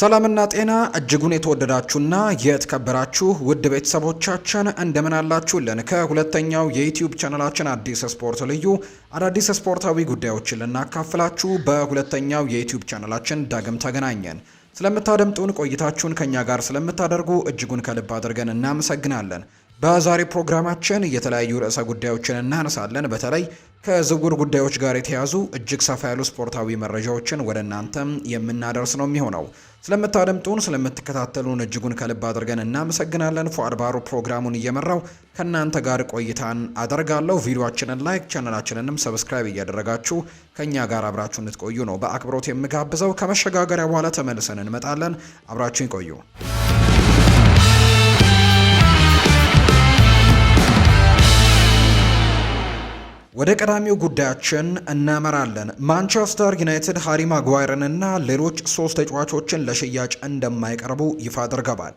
ሰላምና ጤና እጅጉን የተወደዳችሁና የተከበራችሁ ውድ ቤተሰቦቻችን እንደምን አላችሁልን? ከሁለተኛው የዩትዩብ ቻናላችን አዲስ ስፖርት ልዩ አዳዲስ ስፖርታዊ ጉዳዮችን ልናካፍላችሁ በሁለተኛው የዩትዩብ ቻናላችን ዳግም ተገናኘን። ስለምታደምጡን ቆይታችሁን ከእኛ ጋር ስለምታደርጉ እጅጉን ከልብ አድርገን እናመሰግናለን። በዛሬ ፕሮግራማችን የተለያዩ ርዕሰ ጉዳዮችን እናነሳለን። በተለይ ከዝውውር ጉዳዮች ጋር የተያዙ እጅግ ሰፋ ያሉ ስፖርታዊ መረጃዎችን ወደ እናንተም የምናደርስ ነው የሚሆነው። ስለምታደምጡን፣ ስለምትከታተሉን እጅጉን ከልብ አድርገን እናመሰግናለን። ፉአድ ባሩ ፕሮግራሙን እየመራው ከእናንተ ጋር ቆይታን አደርጋለሁ። ቪዲዮችንን ላይክ፣ ቻናላችንንም ሰብስክራይብ እያደረጋችሁ ከእኛ ጋር አብራችሁ እንድትቆዩ ነው በአክብሮት የምጋብዘው። ከመሸጋገሪያ በኋላ ተመልሰን እንመጣለን። አብራችሁ ይቆዩ። ወደ ቀዳሚው ጉዳያችን እናመራለን። ማንቸስተር ዩናይትድ ሃሪ እና ሌሎች ሶስት ተጫዋቾችን ለሽያጭ እንደማይቀርቡ ይፋ አድርገዋል።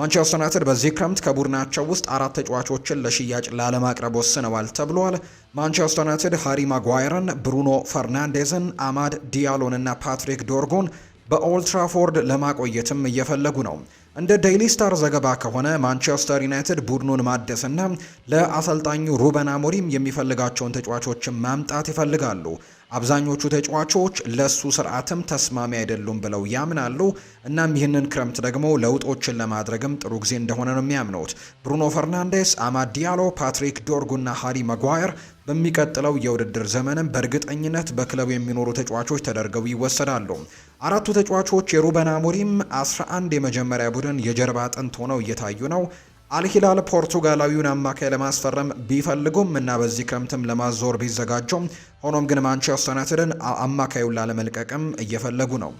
ማንቸስተር ዩናይትድ በዚህ ክረምት ከቡድናቸው ውስጥ አራት ተጫዋቾችን ለሽያጭ ላለማቅረብ ወስነዋል ተብሏል። ማንቸስተር ዩናይትድ ሃሪ ማጓይርን፣ ብሩኖ ፈርናንዴዝን፣ አማድ ዲያሎን እና ፓትሪክ ዶርጎን በኦልትራፎርድ ለማቆየትም እየፈለጉ ነው። እንደ ዴይሊ ስታር ዘገባ ከሆነ ማንቸስተር ዩናይትድ ቡድኑን ማደስና ለአሰልጣኙ ሩበን አሞሪም የሚፈልጋቸውን ተጫዋቾችን ማምጣት ይፈልጋሉ። አብዛኞቹ ተጫዋቾች ለሱ ስርዓትም ተስማሚ አይደሉም ብለው ያምናሉ። እናም ይህንን ክረምት ደግሞ ለውጦችን ለማድረግም ጥሩ ጊዜ እንደሆነ ነው የሚያምኑት። ብሩኖ ፈርናንዴስ፣ አማድ ዲያሎ፣ ፓትሪክ ዶርጉና ሃሪ መጓየር በሚቀጥለው የውድድር ዘመንም በእርግጠኝነት በክለቡ የሚኖሩ ተጫዋቾች ተደርገው ይወሰዳሉ። አራቱ ተጫዋቾች የሩበን አሞሪም 11 የመጀመሪያ ቡድን የጀርባ አጥንት ሆነው እየታዩ ነው። አልሂላል ፖርቱጋላዊውን አማካይ ለማስፈረም ቢፈልጉም እና በዚህ ክረምትም ለማዞር ቢዘጋጁም ሆኖም ግን ማንቸስተር ዩናይትድን አማካዩን ላለመልቀቅም እየፈለጉ ነው።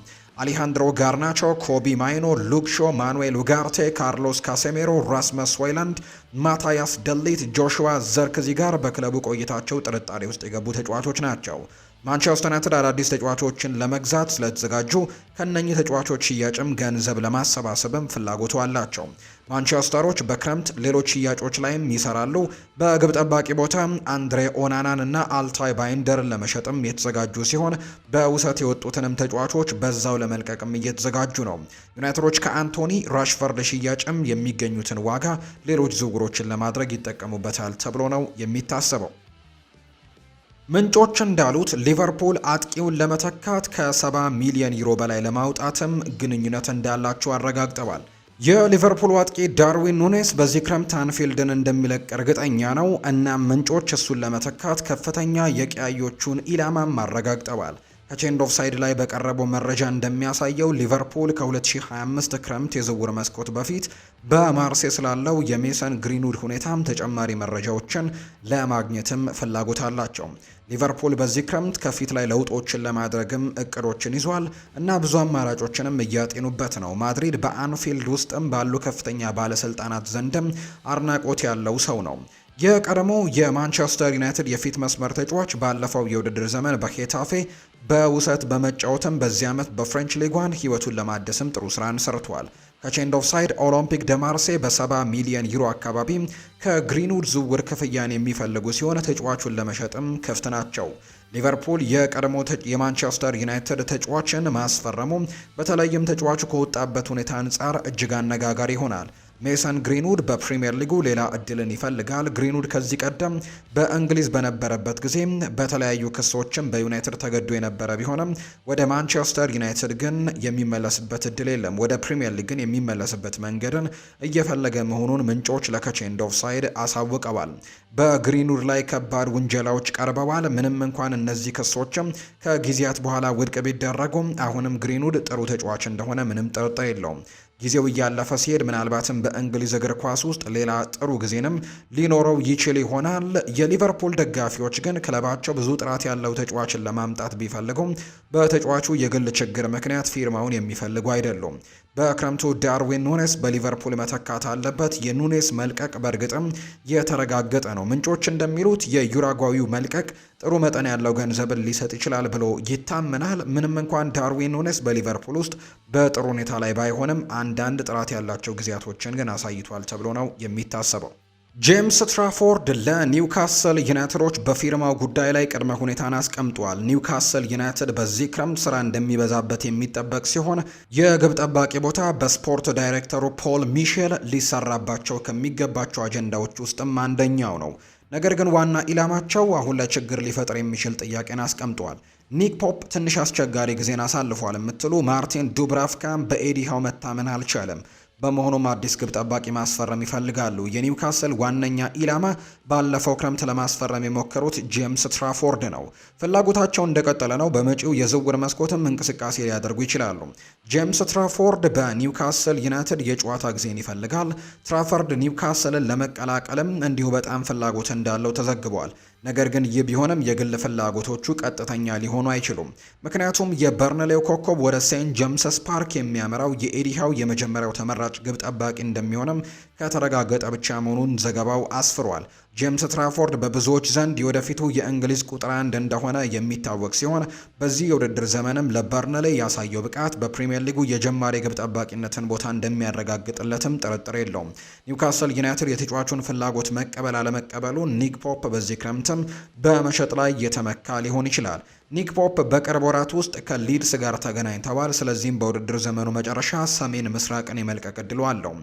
አሊሃንድሮ ጋርናቾ፣ ኮቢ ማይኖ፣ ሉክሾ፣ ማኑኤል ኡጋርቴ፣ ካርሎስ ካሴሜሮ፣ ራስመስ ሆይላንድ፣ ማታያስ ደሊት፣ ጆሹዋ ዘርክዚ ጋር በክለቡ ቆይታቸው ጥርጣሬ ውስጥ የገቡ ተጫዋቾች ናቸው። ማንቸስተር ዩናይትድ አዳዲስ ተጫዋቾችን ለመግዛት ስለተዘጋጁ ከነኚህ ተጫዋቾች ሽያጭም ገንዘብ ለማሰባሰብም ፍላጎቱ አላቸው። ማንቸስተሮች በክረምት ሌሎች ሽያጮች ላይም ይሰራሉ። በግብ ጠባቂ ቦታ አንድሬ ኦናናን እና አልታይ ባይንደርን ለመሸጥም የተዘጋጁ ሲሆን በውሰት የወጡትንም ተጫዋቾች በዛው ለመልቀቅም እየተዘጋጁ ነው። ዩናይትዶች ከአንቶኒ ራሽፈርድ ሽያጭም የሚገኙትን ዋጋ ሌሎች ዝውውሮችን ለማድረግ ይጠቀሙበታል ተብሎ ነው የሚታሰበው። ምንጮች እንዳሉት ሊቨርፑል አጥቂውን ለመተካት ከ70 ሚሊዮን ዩሮ በላይ ለማውጣትም ግንኙነት እንዳላቸው አረጋግጠዋል። የሊቨርፑል አጥቂ ዳርዊን ኑኔስ በዚህ ክረምት አንፊልድን እንደሚለቅ እርግጠኛ ነው እና ምንጮች እሱን ለመተካት ከፍተኛ የቀያዮቹን ኢላማም አረጋግጠዋል። ከቼንድ ኦፍ ሳይድ ላይ በቀረበው መረጃ እንደሚያሳየው ሊቨርፑል ከ2025 ክረምት የዝውውር መስኮት በፊት በማርሴ ስላለው የሜሰን ግሪንውድ ሁኔታም ተጨማሪ መረጃዎችን ለማግኘትም ፍላጎት አላቸው። ሊቨርፑል በዚህ ክረምት ከፊት ላይ ለውጦችን ለማድረግም እቅዶችን ይዟል እና ብዙ አማራጮችንም እያጤኑበት ነው። ማድሪድ በአንፊልድ ውስጥም ባሉ ከፍተኛ ባለስልጣናት ዘንድም አድናቆት ያለው ሰው ነው። የቀድሞው የማንቸስተር ዩናይትድ የፊት መስመር ተጫዋች ባለፈው የውድድር ዘመን በሄታፌ በውሰት በመጫወትም በዚህ ዓመት በፍሬንች ሊጓን ህይወቱን ለማደስም ጥሩ ስራን ሰርቷል። ከቼንድ ኦፍ ሳይድ ኦሎምፒክ ማርሴ በ70 ሚሊዮን ዩሮ አካባቢ ከግሪንውድ ዝውውር ክፍያን የሚፈልጉ ሲሆን ተጫዋቹን ለመሸጥም ክፍት ናቸው። ሊቨርፑል የቀድሞ የማንቸስተር ዩናይትድ ተጫዋችን ማስፈረሙ በተለይም ተጫዋቹ ከወጣበት ሁኔታ አንጻር እጅግ አነጋጋሪ ይሆናል። ሜሰን ግሪንውድ በፕሪምየር ሊጉ ሌላ እድልን ይፈልጋል። ግሪንውድ ከዚህ ቀደም በእንግሊዝ በነበረበት ጊዜ በተለያዩ ክሶችም በዩናይትድ ተገዶ የነበረ ቢሆንም ወደ ማንቸስተር ዩናይትድ ግን የሚመለስበት እድል የለም። ወደ ፕሪምየር ሊግ ግን የሚመለስበት መንገድን እየፈለገ መሆኑን ምንጮች ለከቼንድ ሳይድ አሳውቀዋል። በግሪንውድ ላይ ከባድ ውንጀላዎች ቀርበዋል። ምንም እንኳን እነዚህ ክሶችም ከጊዜያት በኋላ ውድቅ ቢደረጉም አሁንም ግሪንውድ ጥሩ ተጫዋች እንደሆነ ምንም ጥርጥር የለውም። ጊዜው እያለፈ ሲሄድ ምናልባትም በእንግሊዝ እግር ኳስ ውስጥ ሌላ ጥሩ ጊዜንም ሊኖረው ይችል ይሆናል። የሊቨርፑል ደጋፊዎች ግን ክለባቸው ብዙ ጥራት ያለው ተጫዋችን ለማምጣት ቢፈልጉም በተጫዋቹ የግል ችግር ምክንያት ፊርማውን የሚፈልጉ አይደሉም። በክረምቱ ዳርዊን ኑኔስ በሊቨርፑል መተካት አለበት። የኑኔስ መልቀቅ በእርግጥም የተረጋገጠ ነው። ምንጮች እንደሚሉት የዩራጓዊው መልቀቅ ጥሩ መጠን ያለው ገንዘብን ሊሰጥ ይችላል ብሎ ይታመናል። ምንም እንኳን ዳርዊን ኑኔስ በሊቨርፑል ውስጥ በጥሩ ሁኔታ ላይ ባይሆንም አንዳንድ ጥራት ያላቸው ጊዜያቶችን ግን አሳይቷል ተብሎ ነው የሚታሰበው። ጄምስ ትራፎርድ ለኒውካስል ዩናይትዶች በፊርማው ጉዳይ ላይ ቅድመ ሁኔታን አስቀምጧል። ኒውካስል ዩናይትድ በዚህ ክረምት ስራ እንደሚበዛበት የሚጠበቅ ሲሆን የግብ ጠባቂ ቦታ በስፖርት ዳይሬክተሩ ፖል ሚሼል ሊሰራባቸው ከሚገባቸው አጀንዳዎች ውስጥም አንደኛው ነው። ነገር ግን ዋና ኢላማቸው አሁን ላይ ችግር ሊፈጥር የሚችል ጥያቄን አስቀምጧል። ኒክ ፖፕ ትንሽ አስቸጋሪ ጊዜን አሳልፏል የምትሉ ማርቲን ዱብራፍካም በኤዲሃው ሃው መታመን አልቻለም። በመሆኑም አዲስ ግብ ጠባቂ ማስፈረም ይፈልጋሉ። የኒውካስል ዋነኛ ኢላማ ባለፈው ክረምት ለማስፈረም የሞከሩት ጄምስ ትራፎርድ ነው። ፍላጎታቸው እንደቀጠለ ነው። በመጪው የዝውውር መስኮትም እንቅስቃሴ ሊያደርጉ ይችላሉ። ጄምስ ትራፎርድ በኒውካስል ዩናይትድ የጨዋታ ጊዜን ይፈልጋል። ትራፎርድ ኒውካስልን ለመቀላቀልም እንዲሁ በጣም ፍላጎት እንዳለው ተዘግቧል። ነገር ግን ይህ ቢሆንም የግል ፍላጎቶቹ ቀጥተኛ ሊሆኑ አይችሉም። ምክንያቱም የበርንሌው ኮከብ ወደ ሴንት ጀምሰስ ፓርክ የሚያመራው የኤዲሃው የመጀመሪያው ተመራጭ ግብ ጠባቂ እንደሚሆንም ከተረጋገጠ ብቻ መሆኑን ዘገባው አስፍሯል። ጄምስ ትራፎርድ በብዙዎች ዘንድ የወደፊቱ የእንግሊዝ ቁጥር አንድ እንደሆነ የሚታወቅ ሲሆን በዚህ የውድድር ዘመንም ለበርንሌ ያሳየው ብቃት በፕሪምየር ሊጉ የጀማሪ ግብ ጠባቂነትን ቦታ እንደሚያረጋግጥለትም ጥርጥር የለውም። ኒውካስል ዩናይትድ የተጫዋቹን ፍላጎት መቀበል አለመቀበሉ ኒክ ፖፕ በዚህ ክረምትም በመሸጥ ላይ የተመካ ሊሆን ይችላል። ኒክ ፖፕ በቅርብ ወራት ውስጥ ከሊድስ ጋር ተገናኝተዋል። ስለዚህም በውድድር ዘመኑ መጨረሻ ሰሜን ምስራቅን የመልቀቅ እድሉ አለው።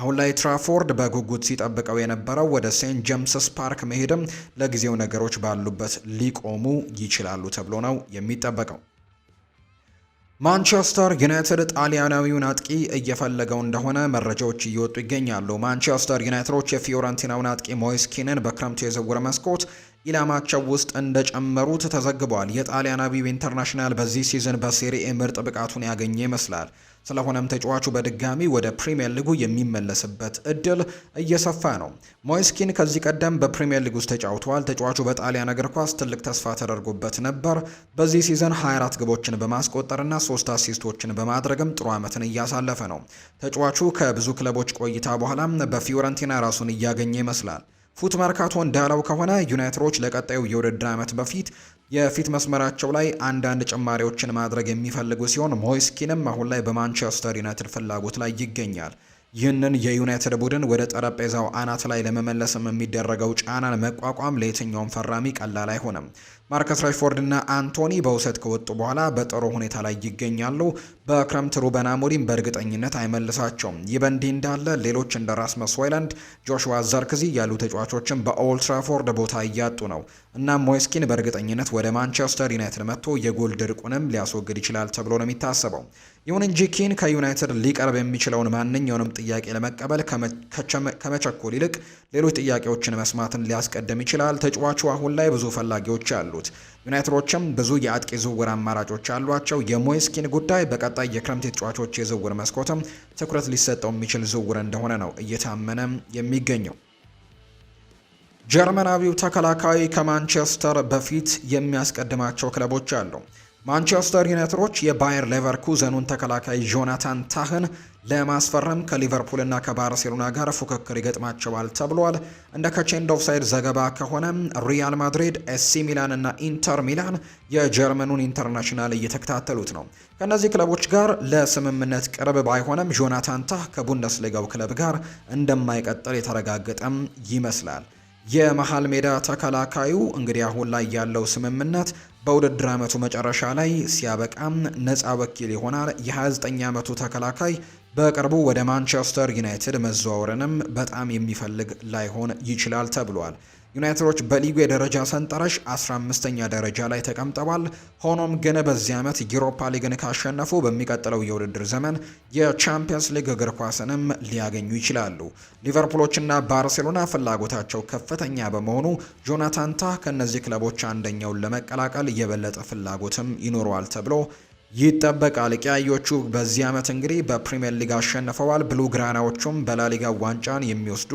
አሁን ላይ ትራፎርድ በጉጉት ሲጠብቀው የነበረው ወደ ሴንት ጀምስስ ፓርክ መሄድም ለጊዜው ነገሮች ባሉበት ሊቆሙ ይችላሉ ተብሎ ነው የሚጠበቀው። ማንቸስተር ዩናይትድ ጣሊያናዊውን አጥቂ እየፈለገው እንደሆነ መረጃዎች እየወጡ ይገኛሉ። ማንቸስተር ዩናይትዶች የፊዮረንቲናውን አጥቂ ሞይስኪንን በክረምቱ የዝውውር መስኮት ኢላማቸው ውስጥ እንደጨመሩት ተዘግቧል። የጣሊያናዊው ኢንተርናሽናል በዚህ ሲዝን በሴሪኤ ምርጥ ብቃቱን ያገኘ ይመስላል። ስለሆነም ተጫዋቹ በድጋሚ ወደ ፕሪምየር ሊጉ የሚመለስበት እድል እየሰፋ ነው። ሞይስኪን ከዚህ ቀደም በፕሪምየር ሊግ ውስጥ ተጫውተዋል። ተጫዋቹ በጣሊያን እግር ኳስ ትልቅ ተስፋ ተደርጎበት ነበር። በዚህ ሲዘን 24 ግቦችን በማስቆጠርና ሶስት አሲስቶችን በማድረግም ጥሩ ዓመትን እያሳለፈ ነው። ተጫዋቹ ከብዙ ክለቦች ቆይታ በኋላም በፊዮረንቲና ራሱን እያገኘ ይመስላል። ፉት መርካቶ እንዳለው ከሆነ ዩናይትዶች ለቀጣዩ የውድድር ዓመት በፊት የፊት መስመራቸው ላይ አንዳንድ ጭማሪዎችን ማድረግ የሚፈልጉ ሲሆን ሞይስኪንም አሁን ላይ በማንቸስተር ዩናይትድ ፍላጎት ላይ ይገኛል። ይህንን የዩናይትድ ቡድን ወደ ጠረጴዛው አናት ላይ ለመመለስም የሚደረገው ጫናን መቋቋም ለየትኛውም ፈራሚ ቀላል አይሆንም። ማርከስ ራሽፎርድ እና አንቶኒ በውሰት ከወጡ በኋላ በጥሩ ሁኔታ ላይ ይገኛሉ። በክረምት ሩበን አሞሪም በእርግጠኝነት አይመልሳቸውም። ይህ በእንዲህ እንዳለ ሌሎች እንደ ራስመስ ሆይላንድ፣ ጆሹዋ ዘርክዚ ያሉ ተጫዋቾችን በኦልትራፎርድ ቦታ እያጡ ነው። እናም ሞይስኪን በእርግጠኝነት ወደ ማንቸስተር ዩናይትድ መጥቶ የጎል ድርቁንም ሊያስወግድ ይችላል ተብሎ ነው የሚታሰበው። ይሁን እንጂ ኪን ከዩናይትድ ሊቀርብ የሚችለውን ማንኛውንም ጥያቄ ለመቀበል ከመቸኮል ይልቅ ሌሎች ጥያቄዎችን መስማትን ሊያስቀድም ይችላል። ተጫዋቹ አሁን ላይ ብዙ ፈላጊዎች አሉት። ዩናይትዶችም ብዙ የአጥቂ ዝውውር አማራጮች አሏቸው። የሞይስ ኪን ጉዳይ በቀጣይ የክረምት የተጫዋቾች የዝውውር መስኮትም ትኩረት ሊሰጠው የሚችል ዝውውር እንደሆነ ነው እየታመነ የሚገኘው። ጀርመናዊው ተከላካይ ከማንቸስተር በፊት የሚያስቀድማቸው ክለቦች አሉ። ማንቸስተር ዩናይትዶች የባየር ሌቨርኩዘኑን ተከላካይ ጆናታን ታህን ለማስፈረም ከሊቨርፑልና ከባርሴሎና ጋር ፉክክር ይገጥማቸዋል ተብሏል። እንደ ከቼንድ ኦፍሳይድ ዘገባ ከሆነ ሪያል ማድሪድ፣ ኤሲ ሚላን እና ኢንተር ሚላን የጀርመኑን ኢንተርናሽናል እየተከታተሉት ነው። ከእነዚህ ክለቦች ጋር ለስምምነት ቅርብ ባይሆንም ጆናታን ታህ ከቡንደስሊጋው ክለብ ጋር እንደማይቀጥል የተረጋገጠም ይመስላል። የመሀል ሜዳ ተከላካዩ እንግዲህ አሁን ላይ ያለው ስምምነት በውድድር ዓመቱ መጨረሻ ላይ ሲያበቃም ነፃ ወኪል ይሆናል። የ29 ዓመቱ ተከላካይ በቅርቡ ወደ ማንቸስተር ዩናይትድ መዘዋወርንም በጣም የሚፈልግ ላይሆን ይችላል ተብሏል። ዩናይትዶች በሊጉ የደረጃ ሰንጠረዥ 15ኛ ደረጃ ላይ ተቀምጠዋል። ሆኖም ግን በዚህ ዓመት ዩሮፓ ሊግን ካሸነፉ በሚቀጥለው የውድድር ዘመን የቻምፒየንስ ሊግ እግር ኳስንም ሊያገኙ ይችላሉ። ሊቨርፑሎችና ባርሴሎና ፍላጎታቸው ከፍተኛ በመሆኑ ጆናታን ታ ከእነዚህ ክለቦች አንደኛውን ለመቀላቀል የበለጠ ፍላጎትም ይኖረዋል ተብሎ ይጠበቃል። ቀያዮቹ በዚህ ዓመት እንግዲህ በፕሪምየር ሊግ አሸንፈዋል። ብሉ ግራናዎቹም በላሊጋ ዋንጫን የሚወስዱ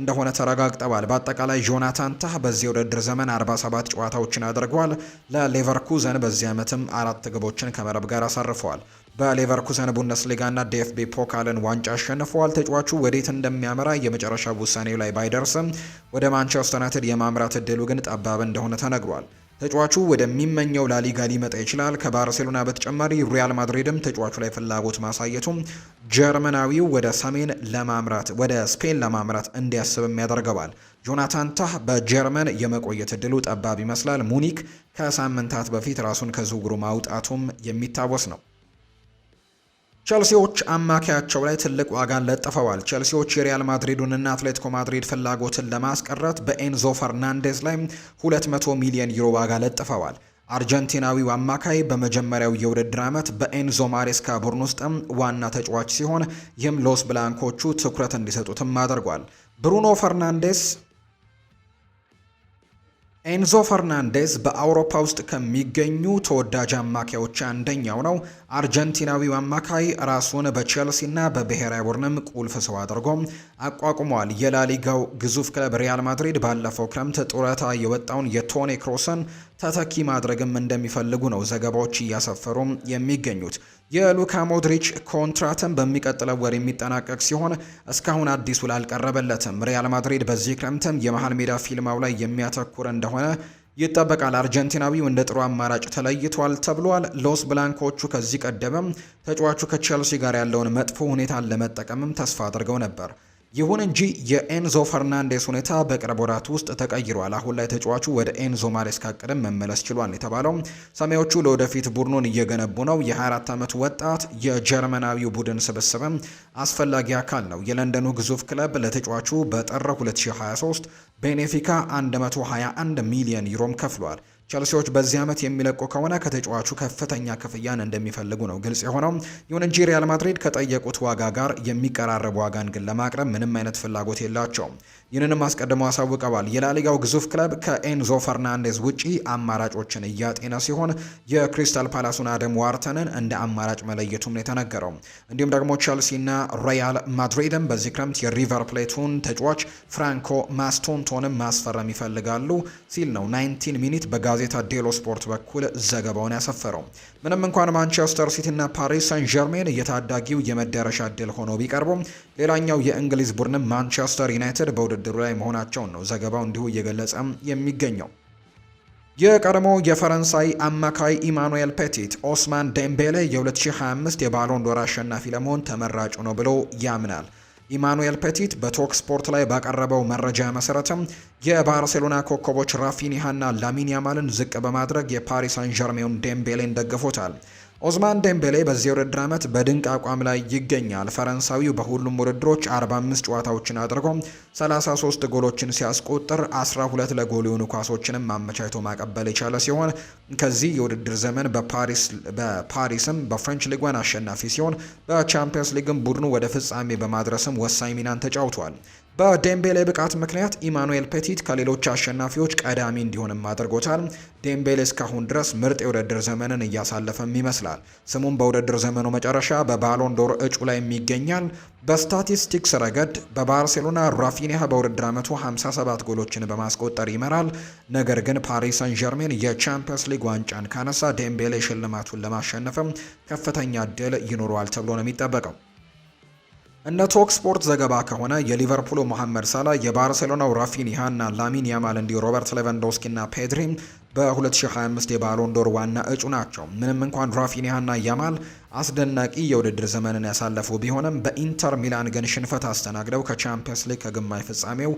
እንደሆነ ተረጋግጠዋል። በአጠቃላይ ጆናታን ታህ በዚህ ውድድር ዘመን 47 ጨዋታዎችን አድርጓል። ለሌቨርኩዘን በዚህ ዓመትም አራት ግቦችን ከመረብ ጋር አሳርፈዋል። በሌቨርኩዘን ቡንደስሊጋና ዲኤፍቢ ፖካልን ዋንጫ አሸንፈዋል። ተጫዋቹ ወዴት እንደሚያመራ የመጨረሻ ውሳኔው ላይ ባይደርስም ወደ ማንቸስተር ዩናይትድ የማምራት እድሉ ግን ጠባብ እንደሆነ ተነግሯል። ተጫዋቹ ወደሚመኘው ላሊጋ ሊመጣ ይችላል። ከባርሴሎና በተጨማሪ ሪያል ማድሪድም ተጫዋቹ ላይ ፍላጎት ማሳየቱም ጀርመናዊው ወደ ሰሜን ለማምራት ወደ ስፔን ለማምራት እንዲያስብም ያደርገዋል። ጆናታን ታህ በጀርመን የመቆየት እድሉ ጠባብ ይመስላል። ሙኒክ ከሳምንታት በፊት ራሱን ከዝውውሩ ማውጣቱም የሚታወስ ነው። ቸልሲዎች አማካያቸው ላይ ትልቅ ዋጋን ለጥፈዋል። ቸልሲዎች የሪያል ማድሪዱንና አትሌቲኮ ማድሪድ ፍላጎትን ለማስቀረት በኤንዞ ፈርናንዴዝ ላይ 200 ሚሊዮን ዩሮ ዋጋ ለጥፈዋል። አርጀንቲናዊው አማካይ በመጀመሪያው የውድድር ዓመት በኤንዞ ማሬስካ ቡድን ውስጥም ዋና ተጫዋች ሲሆን ይህም ሎስ ብላንኮቹ ትኩረት እንዲሰጡትም አድርጓል። ብሩኖ ፈርናንዴስ ኤንዞ ፈርናንዴዝ በአውሮፓ ውስጥ ከሚገኙ ተወዳጅ አማካዮች አንደኛው ነው። አርጀንቲናዊው አማካይ ራሱን በቼልሲና በብሔራዊ ቡድንም ቁልፍ ሰው አድርጎ አቋቁሟል። የላሊጋው ግዙፍ ክለብ ሪያል ማድሪድ ባለፈው ክረምት ጡረታ የወጣውን የቶኒ ክሮስን ተተኪ ማድረግም እንደሚፈልጉ ነው ዘገባዎች እያሰፈሩ የሚገኙት። የሉካ ሞድሪች ኮንትራትም በሚቀጥለው ወር የሚጠናቀቅ ሲሆን እስካሁን አዲስ ላልቀረበለትም ሪያል ማድሪድ በዚህ ክረምትም የመሃል ሜዳ ፊልማው ላይ የሚያተኩር እንደሆነ ይጠበቃል። አርጀንቲናዊው እንደ ጥሩ አማራጭ ተለይቷል ተብሏል። ሎስ ብላንኮቹ ከዚህ ቀደምም ተጫዋቹ ከቼልሲ ጋር ያለውን መጥፎ ሁኔታን ለመጠቀምም ተስፋ አድርገው ነበር። ይሁን እንጂ የኤንዞ ፈርናንዴስ ሁኔታ በቅርብ ወራት ውስጥ ተቀይሯል። አሁን ላይ ተጫዋቹ ወደ ኤንዞ ማሬስካ ቅደም መመለስ ችሏል የተባለው ሰማያዊዎቹ ለወደፊት ቡድኑን እየገነቡ ነው። የ24 ዓመት ወጣት የጀርመናዊው ቡድን ስብስብ አስፈላጊ አካል ነው። የለንደኑ ግዙፍ ክለብ ለተጫዋቹ በጥር 2023 ቤኔፊካ 121 ሚሊዮን ዩሮም ከፍሏል። ቸልሲዎች በዚህ ዓመት የሚለቁ ከሆነ ከተጫዋቹ ከፍተኛ ክፍያን እንደሚፈልጉ ነው ግልጽ የሆነው። ይሁን እንጂ ሪያል ማድሪድ ከጠየቁት ዋጋ ጋር የሚቀራረብ ዋጋን ግን ለማቅረብ ምንም አይነት ፍላጎት የላቸውም። ይህንንም አስቀድመው አሳውቀዋል። የላሊጋው ግዙፍ ክለብ ከኤንዞ ፈርናንዴዝ ውጪ አማራጮችን እያጤነ ሲሆን የክሪስታል ፓላሱን አደም ዋርተንን እንደ አማራጭ መለየቱም ነው የተነገረው። እንዲሁም ደግሞ ቸልሲና ሪያል ማድሪድም በዚህ ክረምት የሪቨር ፕሌቱን ተጫዋች ፍራንኮ ማስቶንቶንም ማስፈረም ይፈልጋሉ ሲል ነው 19 ሚኒት በጋዜጣ ዴሎ ስፖርት በኩል ዘገባውን ያሰፈረው። ምንም እንኳን ማንቸስተር ሲቲና ፓሪስ ሰን ጀርሜን እየታዳጊው የመዳረሻ እድል ሆነው ቢቀርቡም ሌላኛው የእንግሊዝ ቡድንም ማንቸስተር ዩናይትድ በውድድ በድርድሩ ላይ መሆናቸውን ነው ዘገባው እንዲሁ እየገለጸም የሚገኘው። የቀድሞ የፈረንሳይ አማካይ ኢማኑኤል ፔቲት ኦስማን ዴምቤሌ የ2025 የባሎን ዶር አሸናፊ ለመሆን ተመራጩ ነው ብሎ ያምናል። ኢማኑኤል ፔቲት በቶክ ስፖርት ላይ ባቀረበው መረጃ መሰረትም የባርሴሎና ኮከቦች ራፊኒሃና ላሚን ያማልን ዝቅ በማድረግ የፓሪስ ሳን ዠርሜውን ዴምቤሌን ደግፎታል። ኦዝማን ደምቤሌ በዚህ ውድድር ዓመት በድንቅ አቋም ላይ ይገኛል። ፈረንሳዊው በሁሉም ውድድሮች 45 ጨዋታዎችን አድርጎ 33 ጎሎችን ሲያስቆጥር 12 ለጎል የሆኑ ኳሶችንም አመቻችቶ ማቀበል የቻለ ሲሆን ከዚህ የውድድር ዘመን በፓሪስም በፍሬንች ሊጓን አሸናፊ ሲሆን በቻምፒየንስ ሊግም ቡድኑ ወደ ፍጻሜ በማድረስም ወሳኝ ሚናን ተጫውቷል። በዴምቤሌ ብቃት ምክንያት ኢማኑኤል ፔቲት ከሌሎች አሸናፊዎች ቀዳሚ እንዲሆንም አድርጎታል። ዴምቤሌ እስካሁን ድረስ ምርጥ የውድድር ዘመንን እያሳለፈም ይመስላል። ስሙም በውድድር ዘመኑ መጨረሻ በባሎን እጩ ላይ ይገኛል። በስታቲስቲክስ ረገድ በባርሴሎና ራፊኒያ በውድድር ዓመቱ 57 ጎሎችን በማስቆጠር ይመራል። ነገር ግን ፓሪስ ሰን ዠርሜን የቻምፒየንስ ሊግ ዋንጫን ካነሳ ዴምቤሌ ሽልማቱን ለማሸነፍም ከፍተኛ እድል ይኖረዋል ተብሎ ነው የሚጠበቀው። እንደ ቶክ ስፖርት ዘገባ ከሆነ የሊቨርፑሉ መሐመድ ሳላ የባርሴሎናው ራፊኒሃ ና ላሚን ያማል እንዲሁ ሮበርት ሌቫንዶስኪ ና ፔድሪም በ2025 የባሎንዶር ዋና እጩ ናቸው። ምንም እንኳን ራፊኒሃ ና ያማል አስደናቂ የውድድር ዘመንን ያሳለፉ ቢሆንም በኢንተር ሚላን ግን ሽንፈት አስተናግደው ከቻምፒየንስ ሊግ ከግማሽ ፍጻሜው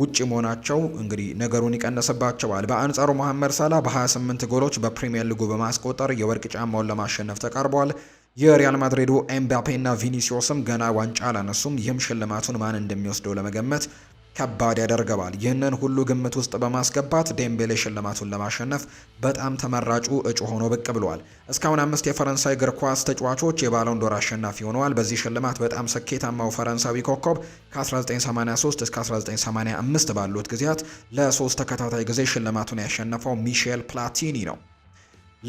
ውጭ መሆናቸው እንግዲህ ነገሩን ይቀንስባቸዋል። በአንጻሩ መሐመድ ሳላ በ28 ጎሎች በፕሪምየር ሊጉ በማስቆጠር የወርቅ ጫማውን ለማሸነፍ ተቃርቧል። የሪያል ማድሪዱ ኤምባፔ እና ቪኒሲዮስም ገና ዋንጫ አላነሱም። ይህም ሽልማቱን ማን እንደሚወስደው ለመገመት ከባድ ያደርገዋል። ይህንን ሁሉ ግምት ውስጥ በማስገባት ዴምቤሌ ሽልማቱን ለማሸነፍ በጣም ተመራጩ እጩ ሆኖ ብቅ ብሏል። እስካሁን አምስት የፈረንሳይ እግር ኳስ ተጫዋቾች የባሎን ዶር አሸናፊ ሆነዋል። በዚህ ሽልማት በጣም ስኬታማው ፈረንሳዊ ኮከብ ከ1983 እስከ 1985 ባሉት ጊዜያት ለሶስት ተከታታይ ጊዜ ሽልማቱን ያሸነፈው ሚሼል ፕላቲኒ ነው።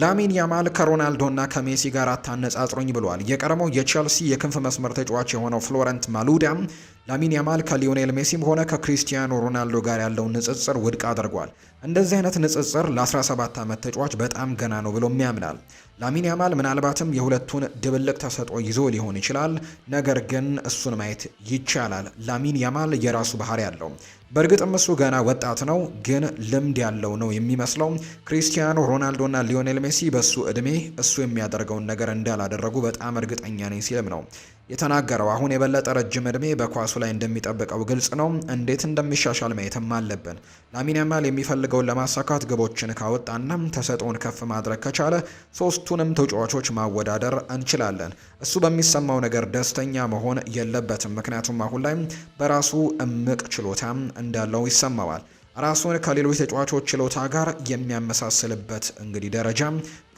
ላሚን ያማል ከሮናልዶና ከሜሲ ጋር አታነጻጽሩኝ ብሏል። የቀድሞው የቼልሲ የክንፍ መስመር ተጫዋች የሆነው ፍሎረንት ማሉዳ ላሚን ያማል ከሊዮኔል ሜሲም ሆነ ከክሪስቲያኖ ሮናልዶ ጋር ያለውን ንጽጽር ውድቅ አድርጓል። እንደዚህ አይነት ንጽጽር ለ17 ዓመት ተጫዋች በጣም ገና ነው ብሎም ያምናል። ላሚን ያማል ምናልባትም የሁለቱን ድብልቅ ተሰጥኦ ይዞ ሊሆን ይችላል፣ ነገር ግን እሱን ማየት ይቻላል። ላሚን ያማል የራሱ ባህሪ አለው። በእርግጥም እሱ ገና ወጣት ነው፣ ግን ልምድ ያለው ነው የሚመስለው። ክሪስቲያኖ ሮናልዶና ሊዮኔል ሜሲ በእሱ እድሜ እሱ የሚያደርገውን ነገር እንዳላደረጉ በጣም እርግጠኛ ነኝ ሲልም ነው የተናገረው። አሁን የበለጠ ረጅም እድሜ በኳሱ ላይ እንደሚጠብቀው ግልጽ ነው። እንዴት እንደሚሻሻል ማየትም አለብን። ላሚን ያማል የሚፈልገውን ለማሳካት ግቦችን ካወጣና ተሰጥኦን ከፍ ማድረግ ከቻለ ሶስቱንም ተጫዋቾች ማወዳደር እንችላለን። እሱ በሚሰማው ነገር ደስተኛ መሆን የለበትም፣ ምክንያቱም አሁን ላይ በራሱ እምቅ ችሎታ እንዳለው ይሰማዋል። ራሱን ከሌሎች ተጫዋቾች ችሎታ ጋር የሚያመሳስልበት እንግዲህ ደረጃ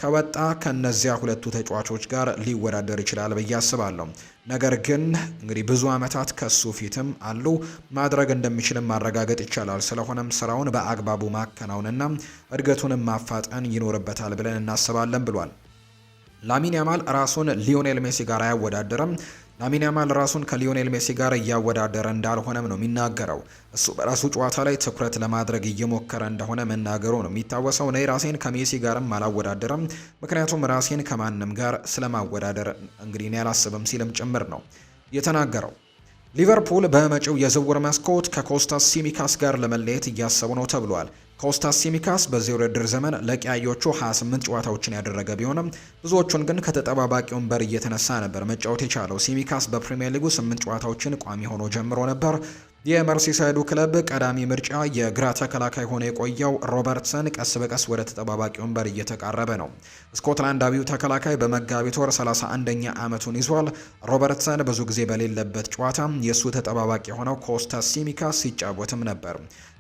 ከወጣ ከነዚያ ሁለቱ ተጫዋቾች ጋር ሊወዳደር ይችላል ብዬ አስባለሁ። ነገር ግን እንግዲህ ብዙ ዓመታት ከሱ ፊትም አሉ ማድረግ እንደሚችልም ማረጋገጥ ይቻላል። ስለሆነም ስራውን በአግባቡ ማከናወንና እድገቱንም ማፋጠን ይኖርበታል ብለን እናስባለን ብሏል። ላሚን ያማል ራሱን ሊዮኔል ሜሲ ጋር አያወዳደርም። ላሚን ያማል ራሱን ከሊዮኔል ሜሲ ጋር እያወዳደረ እንዳልሆነም ነው የሚናገረው። እሱ በራሱ ጨዋታ ላይ ትኩረት ለማድረግ እየሞከረ እንደሆነ መናገሩ ነው የሚታወሰው። እኔ ራሴን ከሜሲ ጋርም አላወዳደረም፣ ምክንያቱም ራሴን ከማንም ጋር ስለማወዳደር እንግዲህ እኔ አላስብም ሲልም ጭምር ነው የተናገረው። ሊቨርፑል በመጪው የዝውውር መስኮት ከኮስታስ ሲሚካስ ጋር ለመለየት እያሰቡ ነው ተብሏል። ኮስታስ ሲሚካስ በዚህ ውድድር ዘመን ለቀያዮቹ 28 ጨዋታዎችን ያደረገ ቢሆንም ብዙዎቹን ግን ከተጠባባቂ ወንበር እየተነሳ ነበር መጫወት የቻለው። ሲሚካስ በፕሪምየር ሊጉ 8 ጨዋታዎችን ቋሚ ሆኖ ጀምሮ ነበር። የመርሲሳይዱ ክለብ ቀዳሚ ምርጫ የግራ ተከላካይ ሆነ የቆየው ሮበርትሰን ቀስ በቀስ ወደ ተጠባባቂ ወንበር እየተቃረበ ነው። ስኮትላንዳዊው ተከላካይ በመጋቢት ወር 31ኛ ዓመቱን ይዟል። ሮበርትሰን ብዙ ጊዜ በሌለበት ጨዋታ የእሱ ተጠባባቂ የሆነው ኮስታስ ሲሚካስ ሲጫወትም ነበር።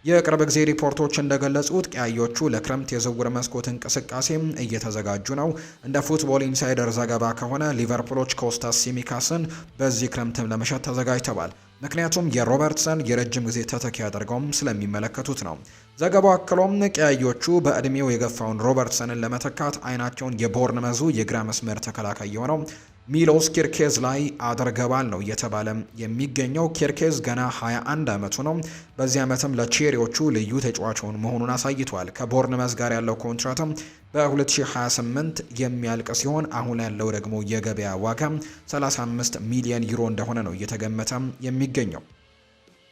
የቅርብ ጊዜ ሪፖርቶች እንደገለጹት ቀያዮቹ ለክረምት የዝውውር መስኮት እንቅስቃሴ እየተዘጋጁ ነው። እንደ ፉትቦል ኢንሳይደር ዘገባ ከሆነ ሊቨርፑሎች ኮስታስ ሲሚካስን በዚህ ክረምትም ለመሸጥ ተዘጋጅተዋል። ምክንያቱም የሮበርትሰን የረጅም ጊዜ ተተኪ አድርገውም ስለሚመለከቱት ነው። ዘገባው አክሎም ቀያዮቹ በእድሜው የገፋውን ሮበርትሰንን ለመተካት አይናቸውን የቦርንመዙ የግራ መስመር ተከላካይ የሆነው ሚሎስ ኪርኬዝ ላይ አድርገባል ነው እየተባለ የሚገኘው። ኪርኬዝ ገና 21 ዓመቱ ነው። በዚህ ዓመትም ለቼሪዎቹ ልዩ ተጫዋች መሆኑን አሳይቷል። ከቦርንመዝ ጋር ያለው ኮንትራትም በ2028 የሚያልቅ ሲሆን አሁን ያለው ደግሞ የገበያ ዋጋ 35 ሚሊዮን ዩሮ እንደሆነ ነው እየተገመተ የሚገኘው።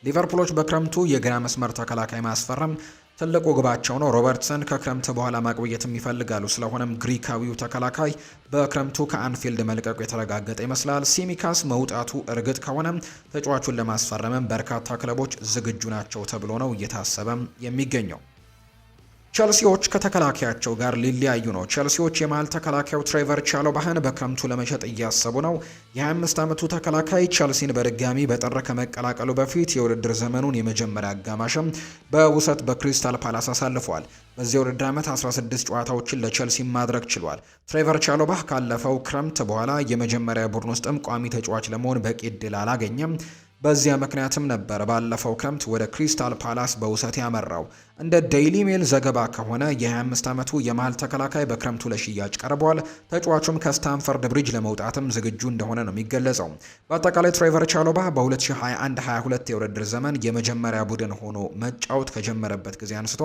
ሊቨርፑሎች በክረምቱ የግራ መስመር ተከላካይ ማስፈረም ትልቁ ግባቸው ነው። ሮበርትሰን ከክረምት በኋላ ማቆየትም ይፈልጋሉ። ስለሆነም ግሪካዊው ተከላካይ በክረምቱ ከአንፊልድ መልቀቁ የተረጋገጠ ይመስላል። ሲሚካስ መውጣቱ እርግጥ ከሆነም ተጫዋቹን ለማስፈረምም በርካታ ክለቦች ዝግጁ ናቸው ተብሎ ነው እየታሰበም የሚገኘው። ቸልሲዎች ከተከላካያቸው ጋር ሊለያዩ ነው። ቸልሲዎች የመሀል ተከላካዩ ትሬቨር ቻሎባህን በክረምቱ ለመሸጥ እያሰቡ ነው። የ25 ዓመቱ ተከላካይ ቸልሲን በድጋሚ በጥር ከመቀላቀሉ በፊት የውድድር ዘመኑን የመጀመሪያ አጋማሽም በውሰት በክሪስታል ፓላስ አሳልፏል። በዚህ ውድድር ዓመት 16 ጨዋታዎችን ለቸልሲ ማድረግ ችሏል። ትሬቨር ቻሎባህ ካለፈው ክረምት በኋላ የመጀመሪያ ቡድን ውስጥም ቋሚ ተጫዋች ለመሆን በቂ እድል አላገኘም። በዚያ ምክንያትም ነበር ባለፈው ክረምት ወደ ክሪስታል ፓላስ በውሰት ያመራው። እንደ ዴይሊ ሜል ዘገባ ከሆነ የ25 ዓመቱ የመሃል ተከላካይ በክረምቱ ለሽያጭ ቀርቧል። ተጫዋቹም ከስታንፈርድ ብሪጅ ለመውጣትም ዝግጁ እንደሆነ ነው የሚገለጸው። በአጠቃላይ ትሬቨር ቻሎባ በ2021-22 የውድድር ዘመን የመጀመሪያ ቡድን ሆኖ መጫወት ከጀመረበት ጊዜ አንስቶ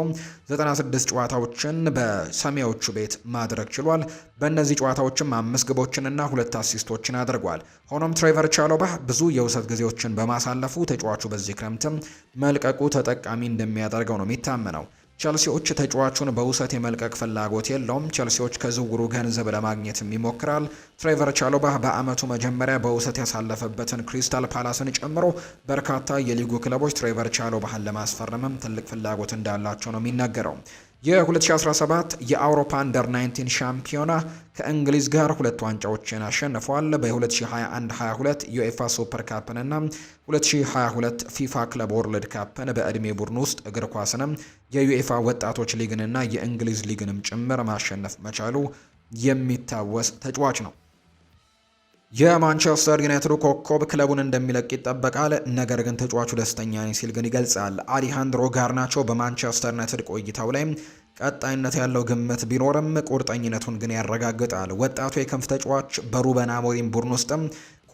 96 ጨዋታዎችን በሰሜዎቹ ቤት ማድረግ ችሏል። በእነዚህ ጨዋታዎችም አምስት ግቦችንና ሁለት አሲስቶችን አድርጓል። ሆኖም ትሬቨር ቻሎባ ብዙ የውሰት ጊዜዎችን በማሳለፉ ተጫዋቹ በዚህ ክረምትም መልቀቁ ተጠቃሚ እንደሚያደርገው ነው የሚታ ነው። ቸልሲዎች ተጫዋቹን በውሰት የመልቀቅ ፍላጎት የለውም። ቸልሲዎች ከዝውውሩ ገንዘብ ለማግኘትም ይሞክራል። ትሬቨር ቻሎባህ በአመቱ መጀመሪያ በውሰት ያሳለፈበትን ክሪስታል ፓላስን ጨምሮ በርካታ የሊጉ ክለቦች ትሬቨር ቻሎባህን ለማስፈረምም ትልቅ ፍላጎት እንዳላቸው ነው የሚነገረው። የ2017 የአውሮፓ አንደር 19 ሻምፒዮና ከእንግሊዝ ጋር ሁለት ዋንጫዎችን አሸንፏል። በ2021-22 ዩኤፋ ሱፐር ካፕንና 2022 ፊፋ ክለብ ወርልድ ካፕን በዕድሜ ቡድን ውስጥ እግር ኳስንም የዩኤፋ ወጣቶች ሊግንና የእንግሊዝ ሊግንም ጭምር ማሸነፍ መቻሉ የሚታወስ ተጫዋች ነው። የማንቸስተር ዩናይትድ ኮከብ ክለቡን እንደሚለቅ ይጠበቃል። ነገር ግን ተጫዋቹ ደስተኛ ነኝ ሲል ግን ይገልጻል። አሊሃንድሮ ጋርናቾ በማንቸስተር ዩናይትድ ቆይታው ላይ ቀጣይነት ያለው ግምት ቢኖርም ቁርጠኝነቱን ግን ያረጋግጣል። ወጣቱ የክንፍ ተጫዋች በሩበን አሞሪም ቡድን ውስጥም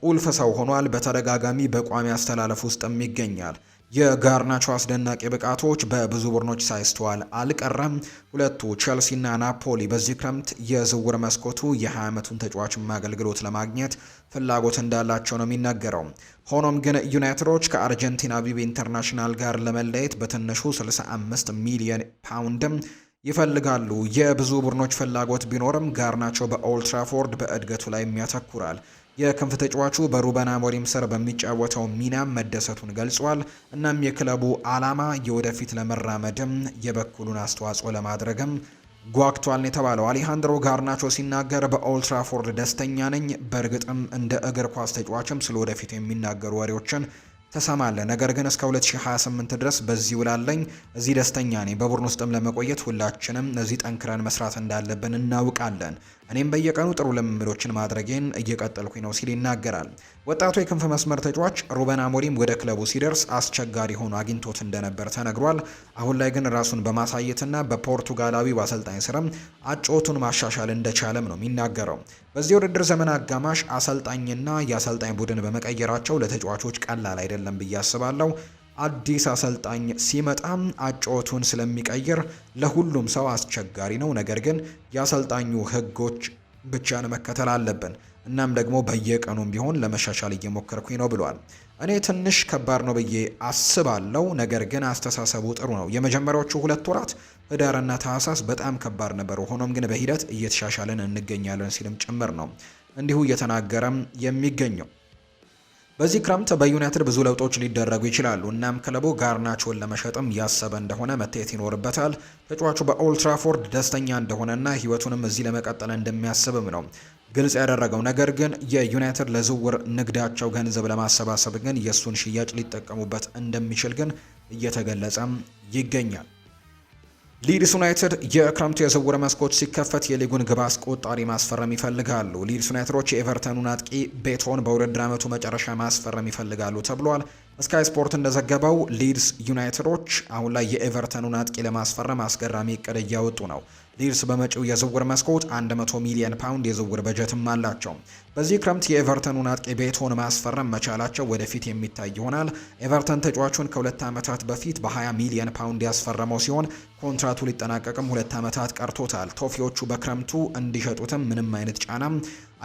ቁልፍ ሰው ሆኗል። በተደጋጋሚ በቋሚ አስተላለፍ ውስጥም ይገኛል። የጋርናቾ አስደናቂ ብቃቶች በብዙ ቡድኖች ሳይስተዋል አልቀረም። ሁለቱ ቼልሲና ናፖሊ በዚህ ክረምት የዝውውር መስኮቱ የ20 ዓመቱን ተጫዋች አገልግሎት ለማግኘት ፍላጎት እንዳላቸው ነው የሚነገረው። ሆኖም ግን ዩናይትዶች ከአርጀንቲና ቢቢ ኢንተርናሽናል ጋር ለመለየት በትንሹ 65 ሚሊዮን ፓውንድም ይፈልጋሉ። የብዙ ቡድኖች ፍላጎት ቢኖርም ጋርናቾ በኦልትራፎርድ በእድገቱ ላይ ያተኩራል። የክንፍ ተጫዋቹ በሩበን አሞሪም ስር በሚጫወተው ሚናም መደሰቱን ገልጿል። እናም የክለቡ ዓላማ የወደፊት ለመራመድም የበኩሉን አስተዋጽኦ ለማድረግም ጓግቷል ነው የተባለው። አሊሃንድሮ ጋርናቾ ሲናገር በኦልትራፎርድ ደስተኛ ነኝ። በእርግጥም እንደ እግር ኳስ ተጫዋችም ስለ ወደፊቱ የሚናገሩ ወሬዎችን ተሰማለ ነገር ግን እስከ 2028 ድረስ በዚህ ውላለኝ፣ እዚህ ደስተኛ ነኝ። በቡድን ውስጥም ለመቆየት ሁላችንም እዚህ ጠንክረን መስራት እንዳለብን እናውቃለን። እኔም በየቀኑ ጥሩ ልምምዶችን ማድረጌን እየቀጠልኩኝ ነው ሲል ይናገራል። ወጣቱ የክንፍ መስመር ተጫዋች ሩበን አሞሪም ወደ ክለቡ ሲደርስ አስቸጋሪ ሆኖ አግኝቶት እንደነበር ተነግሯል። አሁን ላይ ግን ራሱን በማሳየትና በፖርቱጋላዊ አሰልጣኝ ስርም አጮቱን ማሻሻል እንደቻለም ነው የሚናገረው። በዚህ ውድድር ዘመን አጋማሽ አሰልጣኝና የአሰልጣኝ ቡድን በመቀየራቸው ለተጫዋቾች ቀላል አይደለም ብዬ አስባለሁ። አዲስ አሰልጣኝ ሲመጣም አጮቱን ስለሚቀይር ለሁሉም ሰው አስቸጋሪ ነው። ነገር ግን የአሰልጣኙ ህጎች ብቻን መከተል አለብን። እናም ደግሞ በየቀኑም ቢሆን ለመሻሻል እየሞከርኩኝ ነው ብሏል። እኔ ትንሽ ከባድ ነው ብዬ አስባለው፣ ነገር ግን አስተሳሰቡ ጥሩ ነው። የመጀመሪያዎቹ ሁለት ወራት ህዳርና ታህሳስ በጣም ከባድ ነበሩ። ሆኖም ግን በሂደት እየተሻሻለን እንገኛለን ሲልም ጭምር ነው እንዲሁ እየተናገረም የሚገኘው። በዚህ ክረምት በዩናይትድ ብዙ ለውጦች ሊደረጉ ይችላሉ። እናም ክለቡ ጋርናቾን ለመሸጥም ያሰበ እንደሆነ መታየት ይኖርበታል። ተጫዋቹ በኦልትራፎርድ ደስተኛ እንደሆነና ህይወቱንም እዚህ ለመቀጠል እንደሚያስብም ነው ግልጽ ያደረገው። ነገር ግን የዩናይትድ ለዝውውር ንግዳቸው ገንዘብ ለማሰባሰብ ግን የእሱን ሽያጭ ሊጠቀሙበት እንደሚችል ግን እየተገለጸም ይገኛል። ሊድስ ዩናይትድ የክረምቱ የዝውውር መስኮት ሲከፈት የሊጉን ግብ አስቆጣሪ ማስፈረም ይፈልጋሉ። ሊድስ ዩናይትዶች የኤቨርተኑን አጥቂ ቤቶን በውድድር ዓመቱ መጨረሻ ማስፈረም ይፈልጋሉ ተብሏል። ስካይ ስፖርት እንደዘገበው ሊድስ ዩናይትዶች አሁን ላይ የኤቨርተኑን አጥቂ ለማስፈረም አስገራሚ እቅድ እያወጡ ነው። ሊድስ በመጪው የዝውውር መስኮት 100 ሚሊዮን ፓውንድ የዝውውር በጀትም አላቸው። በዚህ ክረምት የኤቨርተኑን አጥቂ ቤቶን ማስፈረም መቻላቸው ወደፊት የሚታይ ይሆናል። ኤቨርተን ተጫዋቹን ከሁለት ዓመታት በፊት በ20 ሚሊዮን ፓውንድ ያስፈረመው ሲሆን ኮንትራቱ ሊጠናቀቅም ሁለት ዓመታት ቀርቶታል። ቶፊዎቹ በክረምቱ እንዲሸጡትም ምንም አይነት ጫና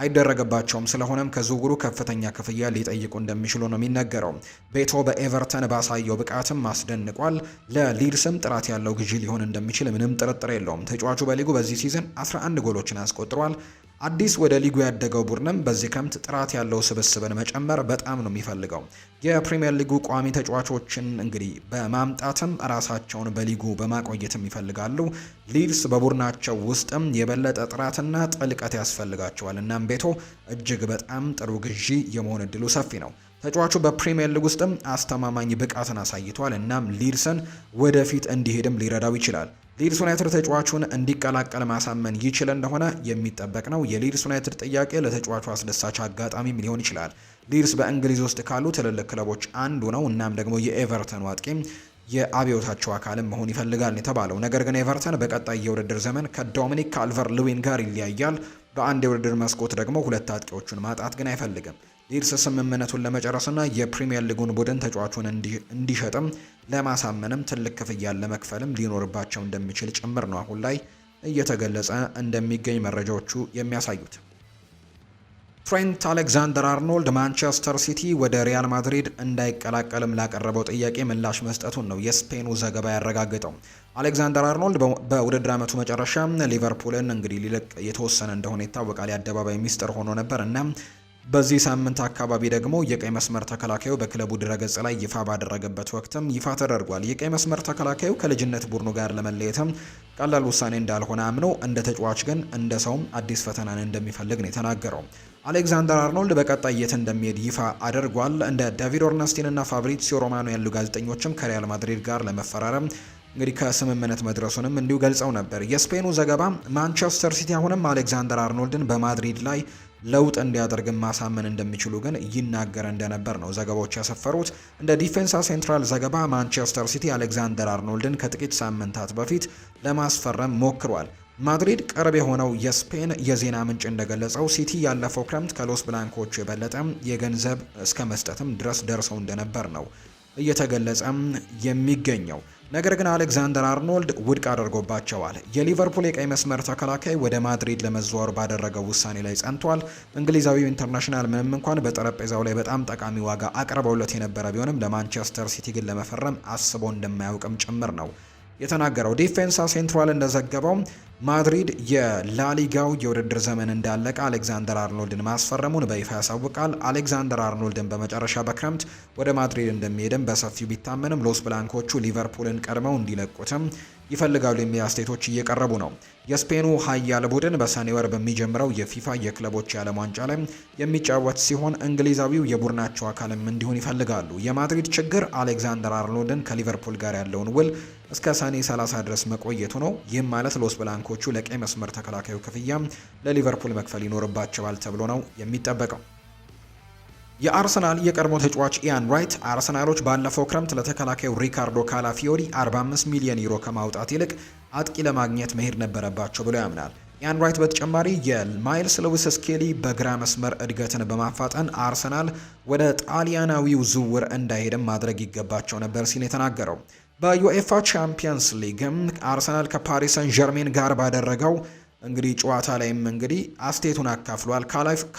አይደረግባቸውም። ስለሆነም ከዝውውሩ ከፍተኛ ክፍያ ሊጠይቁ እንደሚችሉ ነው የሚነገረው። ቤቶ በኤቨርተን ባሳየው ብቃትም አስደንቋል። ለሊድስም ጥራት ያለው ግዢ ሊሆን እንደሚችል ምንም ጥርጥር የለውም። ተጫዋቹ በሊጉ በዚህ ሲዝን 11 ጎሎችን አስቆጥሯል። አዲስ ወደ ሊጉ ያደገው ቡድንም በዚህ ክረምት ጥራት ያለው ስብስብን መጨመር በጣም ነው የሚፈልገው። የፕሪምየር ሊጉ ቋሚ ተጫዋቾችን እንግዲህ በማምጣትም ራሳቸውን በሊጉ በማቆየትም ይፈልጋሉ። ሊድስ በቡድናቸው ውስጥም የበለጠ ጥራትና ጥልቀት ያስፈልጋቸዋል። እናም ቤቶ እጅግ በጣም ጥሩ ግዢ የመሆን እድሉ ሰፊ ነው። ተጫዋቹ በፕሪምየር ሊግ ውስጥም አስተማማኝ ብቃትን አሳይቷል። እናም ሊድስን ወደፊት እንዲሄድም ሊረዳው ይችላል። ሊድስ ዩናይትድ ተጫዋቹን እንዲቀላቀል ማሳመን ይችል እንደሆነ የሚጠበቅ ነው። የሊድስ ዩናይትድ ጥያቄ ለተጫዋቹ አስደሳች አጋጣሚም ሊሆን ይችላል። ሊድስ በእንግሊዝ ውስጥ ካሉ ትልልቅ ክለቦች አንዱ ነው። እናም ደግሞ የኤቨርተን አጥቂም የአብዮታቸው አካልም መሆን ይፈልጋል የተባለው ነገር ግን ኤቨርተን በቀጣይ የውድድር ዘመን ከዶሚኒክ ካልቨር ልዊን ጋር ይለያያል። በአንድ የውድድር መስኮት ደግሞ ሁለት አጥቂዎቹን ማጣት ግን አይፈልግም። ሊድስ ስምምነቱን ለመጨረስና የፕሪምየር ሊጉን ቡድን ተጫዋቹን እንዲሸጥም ለማሳመንም ትልቅ ክፍያን ለመክፈልም ሊኖርባቸው እንደሚችል ጭምር ነው አሁን ላይ እየተገለጸ እንደሚገኝ መረጃዎቹ የሚያሳዩት። ትሬንት አሌክዛንደር አርኖልድ ማንቸስተር ሲቲ ወደ ሪያል ማድሪድ እንዳይቀላቀልም ላቀረበው ጥያቄ ምላሽ መስጠቱን ነው የስፔኑ ዘገባ ያረጋገጠው። አሌክዛንደር አርኖልድ በውድድር ዓመቱ መጨረሻ ሊቨርፑልን እንግዲህ ሊለቅ የተወሰነ እንደሆነ ይታወቃል። የአደባባይ ሚስጥር ሆኖ ነበር እና በዚህ ሳምንት አካባቢ ደግሞ የቀይ መስመር ተከላካዩ በክለቡ ድረገጽ ላይ ይፋ ባደረገበት ወቅትም ይፋ ተደርጓል። የቀይ መስመር ተከላካዩ ከልጅነት ቡድኑ ጋር ለመለየትም ቀላል ውሳኔ እንዳልሆነ አምኖ እንደ ተጫዋች ግን እንደ ሰውም አዲስ ፈተናን እንደሚፈልግ ነው የተናገረው። አሌክዛንደር አርኖልድ በቀጣይ የት እንደሚሄድ ይፋ አድርጓል። እንደ ዳቪድ ኦርነስቲን እና ፋብሪሲዮ ሮማኖ ያሉ ጋዜጠኞችም ከሪያል ማድሪድ ጋር ለመፈራረም እንግዲህ ከስምምነት መድረሱንም እንዲሁ ገልጸው ነበር። የስፔኑ ዘገባ ማንቸስተር ሲቲ አሁንም አሌክዛንደር አርኖልድን በማድሪድ ላይ ለውጥ እንዲያደርግን ማሳመን እንደሚችሉ ግን ይናገር እንደነበር ነው ዘገባዎች ያሰፈሩት። እንደ ዲፌንሳ ሴንትራል ዘገባ ማንቸስተር ሲቲ አሌክዛንደር አርኖልድን ከጥቂት ሳምንታት በፊት ለማስፈረም ሞክሯል። ማድሪድ ቅርብ የሆነው የስፔን የዜና ምንጭ እንደገለጸው ሲቲ ያለፈው ክረምት ከሎስ ብላንኮቹ የበለጠ የገንዘብ እስከ መስጠትም ድረስ ደርሰው እንደነበር ነው እየተገለጸም የሚገኘው ነገር ግን አሌክዛንደር አርኖልድ ውድቅ አድርጎባቸዋል። የሊቨርፑል የቀይ መስመር ተከላካይ ወደ ማድሪድ ለመዘዋወር ባደረገው ውሳኔ ላይ ጸንቷል። እንግሊዛዊው ኢንተርናሽናል ምንም እንኳን በጠረጴዛው ላይ በጣም ጠቃሚ ዋጋ አቅርበውለት የነበረ ቢሆንም ለማንቸስተር ሲቲ ግን ለመፈረም አስቦ እንደማያውቅም ጭምር ነው የተናገረው። ዲፌንሳ ሴንትራል እንደዘገበው ማድሪድ የላሊጋው የውድድር ዘመን እንዳለቀ አሌክዛንደር አርኖልድን ማስፈረሙን በይፋ ያሳውቃል። አሌክዛንደር አርኖልድን በመጨረሻ በክረምት ወደ ማድሪድ እንደሚሄድም በሰፊው ቢታመንም ሎስ ብላንኮቹ ሊቨርፑልን ቀድመው እንዲለቁትም ይፈልጋሉ የሚል አስተያየቶች እየቀረቡ ነው። የስፔኑ ሀያል ቡድን በሰኔ ወር በሚጀምረው የፊፋ የክለቦች የዓለም ዋንጫ ላይ የሚጫወት ሲሆን እንግሊዛዊው የቡድናቸው አካልም እንዲሆን ይፈልጋሉ። የማድሪድ ችግር አሌክዛንደር አርኖልድን ከሊቨርፑል ጋር ያለውን ውል እስከ ሰኔ 30 ድረስ መቆየቱ ነው። ይህም ማለት ሎስ ብላንኮቹ ለቀይ መስመር ተከላካዩ ክፍያ ለሊቨርፑል መክፈል ይኖርባቸዋል ተብሎ ነው የሚጠበቀው። የአርሰናል የቀድሞ ተጫዋች ኢያን ራይት አርሰናሎች ባለፈው ክረምት ለተከላካዩ ሪካርዶ ካላፊዮሪ 45 ሚሊዮን ዩሮ ከማውጣት ይልቅ አጥቂ ለማግኘት መሄድ ነበረባቸው ብሎ ያምናል። ኢያን ራይት በተጨማሪ የማይልስ ልዊስ ስኬሊ በግራ መስመር እድገትን በማፋጠን አርሰናል ወደ ጣሊያናዊው ዝውውር እንዳይሄድም ማድረግ ይገባቸው ነበር ሲል የተናገረው በዩኤፋ ቻምፒየንስ ሊግም አርሰናል ከፓሪስ ሰን ጀርሜን ጋር ባደረገው እንግዲህ ጨዋታ ላይም እንግዲህ አስቴቱን አካፍሏል።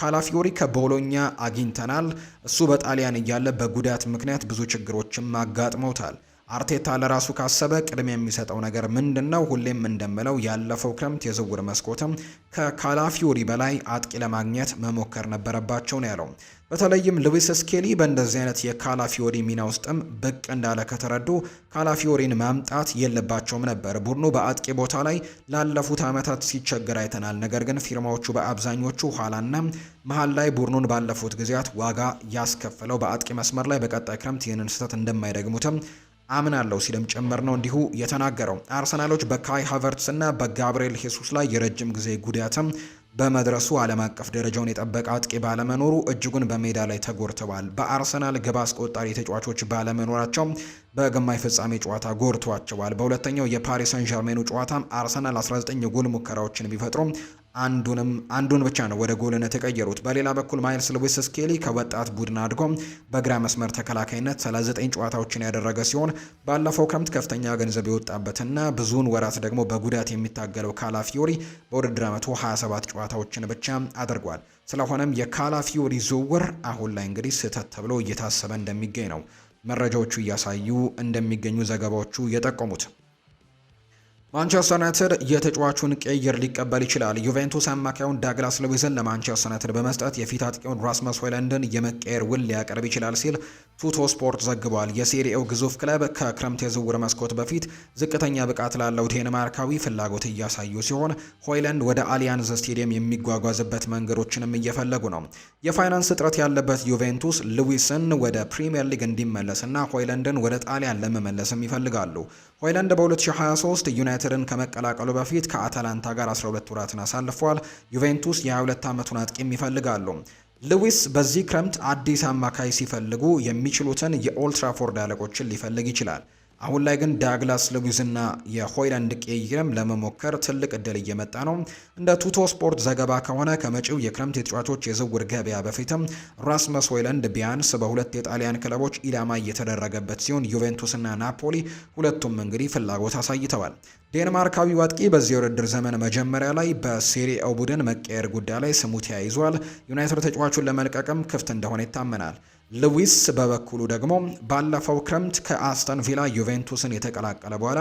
ካላፊዮሪ ከቦሎኛ አግኝተናል። እሱ በጣሊያን እያለ በጉዳት ምክንያት ብዙ ችግሮችም አጋጥመውታል። አርቴታ ለራሱ ካሰበ ቅድሚያ የሚሰጠው ነገር ምንድን ነው? ሁሌም እንደምለው ያለፈው ክረምት የዝውውር መስኮትም ከካላፊዮሪ በላይ አጥቂ ለማግኘት መሞከር ነበረባቸው ነው ያለው። በተለይም ሉዊስ ስኬሊ በእንደዚህ አይነት የካላፊዮሪ ሚና ውስጥም ብቅ እንዳለ ከተረዱ ካላፊዮሪን ማምጣት የለባቸውም ነበር። ቡድኑ በአጥቂ ቦታ ላይ ላለፉት ዓመታት ሲቸገር አይተናል። ነገር ግን ፊርማዎቹ በአብዛኞቹ ኋላና መሀል ላይ ቡድኑን ባለፉት ጊዜያት ዋጋ ያስከፍለው በአጥቂ መስመር ላይ በቀጣይ ክረምት ይህንን ስህተት እንደማይደግሙትም አምናለሁ ሲልም ጭምር ነው እንዲሁ የተናገረው። አርሰናሎች በካይ ሃቨርትስ እና በጋብርኤል ሄሱስ ላይ የረጅም ጊዜ ጉዳትም በመድረሱ ዓለም አቀፍ ደረጃውን የጠበቀ አጥቂ ባለመኖሩ እጅጉን በሜዳ ላይ ተጎድተዋል። በአርሰናል ግብ አስቆጣሪ ተጫዋቾች ባለመኖራቸው በግማሽ ፍጻሜ ጨዋታ ጎድቷቸዋል። በሁለተኛው የፓሪስ ሰን ዠርሜኑ ጨዋታም አርሰናል 19 የጎል ሙከራዎችን ቢፈጥሩም አንዱንም አንዱን ብቻ ነው ወደ ጎልነት የቀየሩት። በሌላ በኩል ማይልስ ልዊስ ስኬሊ ከወጣት ቡድን አድጎ በግራ መስመር ተከላካይነት 39 ጨዋታዎችን ያደረገ ሲሆን ባለፈው ክረምት ከፍተኛ ገንዘብ የወጣበትና ብዙውን ወራት ደግሞ በጉዳት የሚታገለው ካላፊዮሪ በውድድር ዓመቱ 27 ጨዋታዎችን ብቻ አድርጓል። ስለሆነም የካላፊዮሪ ዝውውር አሁን ላይ እንግዲህ ስህተት ተብሎ እየታሰበ እንደሚገኝ ነው መረጃዎቹ እያሳዩ እንደሚገኙ ዘገባዎቹ የጠቆሙት። ማንቸስተር ዩናይትድ የተጫዋቹን ቅይር ሊቀበል ይችላል። ዩቬንቱስ አማካዩን ዳግላስ ሉዊዝን ለማንቸስተር ዩናይትድ በመስጠት የፊት አጥቂውን ራስመስ ሆይለንድን የመቀየር ውል ሊያቀርብ ይችላል ሲል ቱቶ ስፖርት ዘግቧል። የሴሪኤው ግዙፍ ክለብ ከክረምት የዝውውር መስኮት በፊት ዝቅተኛ ብቃት ላለው ዴንማርካዊ ፍላጎት እያሳዩ ሲሆን ሆይለንድ ወደ አሊያንዝ ስቴዲየም የሚጓጓዝበት መንገዶችንም እየፈለጉ ነው። የፋይናንስ እጥረት ያለበት ዩቬንቱስ ሉዊስን ወደ ፕሪምየር ሊግ እንዲመለስና ሆይለንድን ወደ ጣሊያን ለመመለስም ይፈልጋሉ። ሆይለንድ በ2023 ዩናይትድ ዩናይትድን ከመቀላቀሉ በፊት ከአታላንታ ጋር 12 ወራትን አሳልፏል። ዩቬንቱስ የ22 ዓመቱን አጥቂም ይፈልጋሉ። ልዊስ በዚህ ክረምት አዲስ አማካይ ሲፈልጉ የሚችሉትን የኦልትራፎርድ አለቆችን ሊፈልግ ይችላል። አሁን ላይ ግን ዳግላስ ሉዊዝና የሆይላንድ ቅይርም ለመሞከር ትልቅ እድል እየመጣ ነው። እንደ ቱቶ ስፖርት ዘገባ ከሆነ ከመጪው የክረምት የተጫዋቾች የዝውውር ገበያ በፊትም ራስመስ ሆይላንድ ቢያንስ በሁለት የጣሊያን ክለቦች ኢላማ እየተደረገበት ሲሆን ዩቬንቱስና ናፖሊ ሁለቱም እንግዲህ ፍላጎት አሳይተዋል። ዴንማርካዊ አጥቂ በዚህ የውድድር ዘመን መጀመሪያ ላይ በሴሪኤው ቡድን መቀየር ጉዳይ ላይ ስሙ ተያይዟል። ዩናይትድ ተጫዋቹን ለመልቀቅም ክፍት እንደሆነ ይታመናል። ሉዊስ በበኩሉ ደግሞ ባለፈው ክረምት ከአስተን ቪላ ዩቬንቱስን የተቀላቀለ በኋላ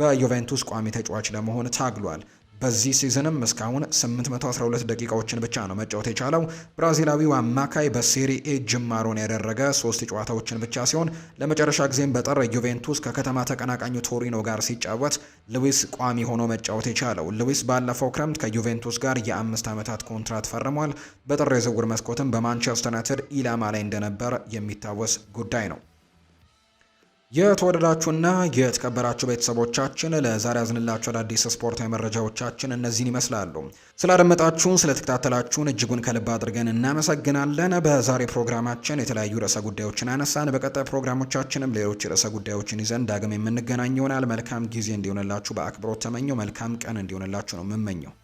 በዩቬንቱስ ቋሚ ተጫዋች ለመሆን ታግሏል። በዚህ ሲዝንም እስካሁን 812 ደቂቃዎችን ብቻ ነው መጫወት የቻለው። ብራዚላዊው አማካይ በሴሪኤ ጅማሮን ያደረገ ሶስት ጨዋታዎችን ብቻ ሲሆን ለመጨረሻ ጊዜም በጥር ዩቬንቱስ ከከተማ ተቀናቃኙ ቶሪኖ ጋር ሲጫወት ሉዊስ ቋሚ ሆኖ መጫወት የቻለው። ሉዊስ ባለፈው ክረምት ከዩቬንቱስ ጋር የአምስት ዓመታት ኮንትራት ፈርሟል። በጥር የዝውውር መስኮትም በማንቸስተር ዩናይትድ ኢላማ ላይ እንደነበር የሚታወስ ጉዳይ ነው። የተወደዳችሁና የተከበራችሁ ቤተሰቦቻችን ለዛሬ ያዝንላችሁ አዳዲስ ስፖርታዊ መረጃዎቻችን እነዚህን ይመስላሉ። ስላደመጣችሁን፣ ስለተከታተላችሁን እጅጉን ከልብ አድርገን እናመሰግናለን። በዛሬ ፕሮግራማችን የተለያዩ ርዕሰ ጉዳዮችን አነሳን። በቀጣይ ፕሮግራሞቻችንም ሌሎች ርዕሰ ጉዳዮችን ይዘን ዳግም የምንገናኝ ይሆናል። መልካም ጊዜ እንዲሆንላችሁ በአክብሮት ተመኘው። መልካም ቀን እንዲሆንላችሁ ነው የምመኘው።